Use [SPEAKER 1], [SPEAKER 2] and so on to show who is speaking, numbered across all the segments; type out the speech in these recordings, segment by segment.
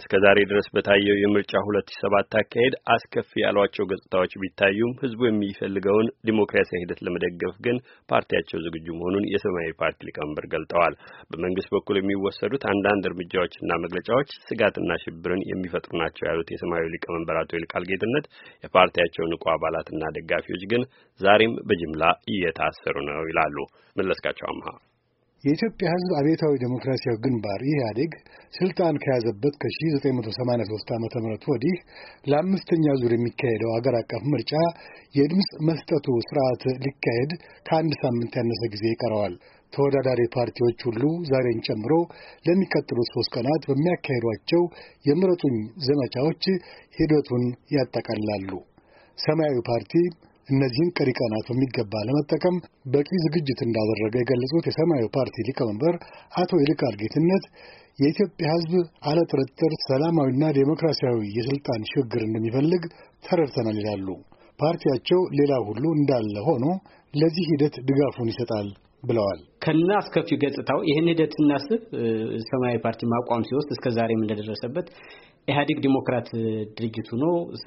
[SPEAKER 1] እስከ ዛሬ ድረስ በታየው የምርጫ 2007 አካሄድ አስከፊ ያሏቸው ገጽታዎች ቢታዩም ህዝቡ የሚፈልገውን ዲሞክራሲያዊ ሂደት ለመደገፍ ግን ፓርቲያቸው ዝግጁ መሆኑን የሰማያዊ ፓርቲ ሊቀመንበር ገልጠዋል። በመንግስት በኩል የሚወሰዱት አንዳንድ እርምጃዎችና መግለጫዎች ስጋትና ሽብርን የሚፈጥሩ ናቸው ያሉት የሰማያዊ ሊቀመንበር አቶ ይልቃል ጌትነት የፓርቲያቸው ንቁ አባላትና ደጋፊዎች ግን ዛሬም በጅምላ እየታሰሩ ነው ይላሉ። መለስካቸው አምሃ
[SPEAKER 2] የኢትዮጵያ ሕዝብ አብዮታዊ ዴሞክራሲያዊ ግንባር ኢህአዴግ ስልጣን ከያዘበት ከ1983 ዓ ም ወዲህ ለአምስተኛ ዙር የሚካሄደው አገር አቀፍ ምርጫ የድምፅ መስጠቱ ስርዓት ሊካሄድ ከአንድ ሳምንት ያነሰ ጊዜ ይቀረዋል። ተወዳዳሪ ፓርቲዎች ሁሉ ዛሬን ጨምሮ ለሚቀጥሉት ሶስት ቀናት በሚያካሂዷቸው የምረጡኝ ዘመቻዎች ሂደቱን ያጠቃልላሉ። ሰማያዊ ፓርቲ እነዚህን ቀሪ ቀናት በሚገባ ለመጠቀም በቂ ዝግጅት እንዳደረገ የገለጹት የሰማያዊ ፓርቲ ሊቀመንበር አቶ ይልቃል ጌትነት የኢትዮጵያ ሕዝብ አለጥርጥር ሰላማዊና ዴሞክራሲያዊ የስልጣን ሽግግር እንደሚፈልግ ተረድተናል ይላሉ። ፓርቲያቸው ሌላ ሁሉ እንዳለ ሆኖ ለዚህ ሂደት ድጋፉን ይሰጣል ብለዋል።
[SPEAKER 3] ከና አስከፊው ገጽታው ይህን ሂደት ስናስብ ሰማያዊ ፓርቲ ማቋም ሲወስድ እስከ ዛሬም እንደደረሰበት ኢህአዴግ ዲሞክራት ድርጅት ሆኖ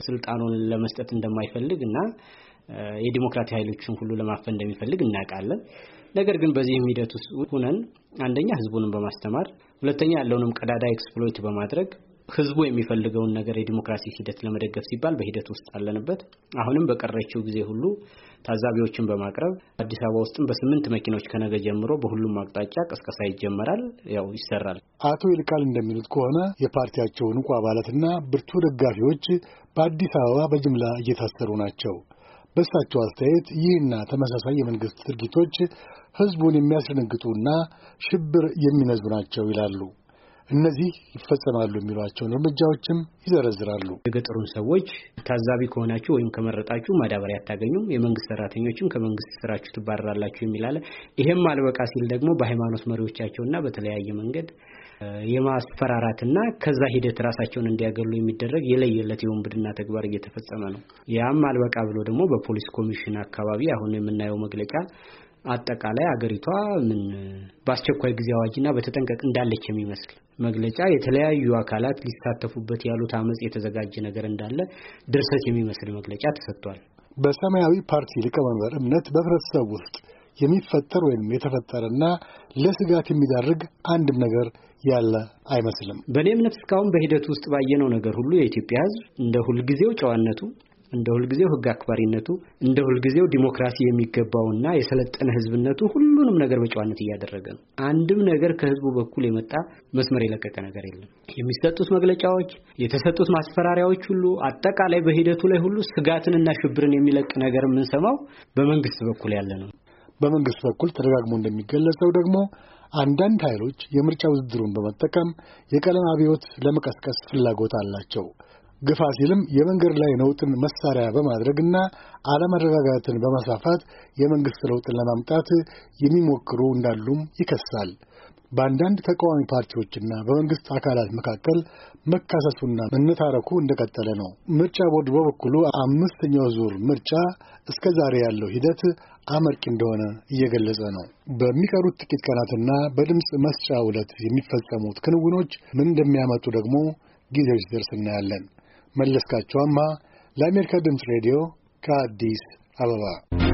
[SPEAKER 3] ስልጣኑን ለመስጠት እንደማይፈልግ እና የዲሞክራቲ ኃይሎችን ሁሉ ለማፈን እንደሚፈልግ እናውቃለን። ነገር ግን በዚህም ሂደት ውስጥ ሁነን አንደኛ ህዝቡንም በማስተማር ሁለተኛ ያለውንም ቀዳዳ ኤክስፕሎይት በማድረግ ህዝቡ የሚፈልገውን ነገር የዲሞክራሲ ሂደት ለመደገፍ ሲባል በሂደት ውስጥ አለንበት። አሁንም በቀረችው ጊዜ ሁሉ ታዛቢዎችን በማቅረብ አዲስ አበባ ውስጥም በስምንት መኪኖች ከነገ ጀምሮ በሁሉም አቅጣጫ ቀስቀሳ ይጀመራል። ያው ይሰራል።
[SPEAKER 2] አቶ ይልቃል እንደሚሉት ከሆነ የፓርቲያቸውን ንቁ አባላትና ብርቱ ደጋፊዎች በአዲስ አበባ በጅምላ እየታሰሩ ናቸው። በእሳቸው አስተያየት ይህና ተመሳሳይ የመንግስት ድርጊቶች ህዝቡን የሚያስደነግጡና ሽብር የሚነዙ ናቸው ይላሉ። እነዚህ ይፈጸማሉ የሚሏቸውን
[SPEAKER 3] እርምጃዎችም ይዘረዝራሉ። የገጠሩን ሰዎች ታዛቢ ከሆናችሁ ወይም ከመረጣችሁ ማዳበሪያ አታገኙም፣ የመንግስት ሰራተኞችም ከመንግስት ስራችሁ ትባረራላችሁ የሚላለ ይሄም አልበቃ ሲል ደግሞ በሃይማኖት መሪዎቻቸውና በተለያየ መንገድ የማስፈራራትና ከዛ ሂደት ራሳቸውን እንዲያገሉ የሚደረግ የለየለት የወንብድና ተግባር እየተፈጸመ ነው። ያም አልበቃ ብሎ ደግሞ በፖሊስ ኮሚሽን አካባቢ አሁን የምናየው መግለጫ አጠቃላይ አገሪቷ ምን በአስቸኳይ ጊዜ አዋጅና በተጠንቀቅ እንዳለች የሚመስል መግለጫ የተለያዩ አካላት ሊሳተፉበት ያሉት አመፅ የተዘጋጀ ነገር እንዳለ ድርሰት የሚመስል መግለጫ ተሰጥቷል።
[SPEAKER 2] በሰማያዊ ፓርቲ ሊቀመንበር እምነት በህብረተሰብ ውስጥ የሚፈጠር ወይም የተፈጠረና
[SPEAKER 3] ለስጋት የሚዳርግ አንድም ነገር ያለ አይመስልም። በእኔ እምነት እስካሁን በሂደቱ ውስጥ ባየነው ነገር ሁሉ የኢትዮጵያ ሕዝብ እንደ ሁልጊዜው ጨዋነቱ፣ እንደ ሁልጊዜው ሕግ አክባሪነቱ፣ እንደ ሁልጊዜው ዲሞክራሲ የሚገባውና የሰለጠነ ሕዝብነቱ ሁሉንም ነገር በጨዋነት እያደረገ ነው። አንድም ነገር ከሕዝቡ በኩል የመጣ መስመር የለቀቀ ነገር የለም። የሚሰጡት መግለጫዎች፣ የተሰጡት ማስፈራሪያዎች ሁሉ አጠቃላይ በሂደቱ ላይ ሁሉ ስጋትንና ሽብርን የሚለቅ ነገር የምንሰማው በመንግስት በኩል ያለ ነው።
[SPEAKER 2] በመንግስት በኩል ተደጋግሞ እንደሚገለጸው ደግሞ አንዳንድ ኃይሎች የምርጫ ውድድሩን በመጠቀም የቀለም አብዮት ለመቀስቀስ ፍላጎት አላቸው። ግፋ ሲልም የመንገድ ላይ ነውጥን መሳሪያ በማድረግና አለመረጋጋትን በማስፋፋት የመንግስት ለውጥን ለማምጣት የሚሞክሩ እንዳሉም ይከሳል። በአንዳንድ ተቃዋሚ ፓርቲዎችና በመንግስት አካላት መካከል መካሰሱና መነታረኩ እንደቀጠለ ነው። ምርጫ ቦርድ በበኩሉ አምስተኛው ዙር ምርጫ እስከ ዛሬ ያለው ሂደት አመርቂ እንደሆነ እየገለጸ ነው። በሚቀሩት ጥቂት ቀናትና በድምፅ መስጫ ዕለት የሚፈጸሙት ክንውኖች ምን እንደሚያመጡ ደግሞ ጊዜው ሲደርስ እናያለን። መለስካቸው አማ ለአሜሪካ ድምፅ ሬዲዮ ከአዲስ አበባ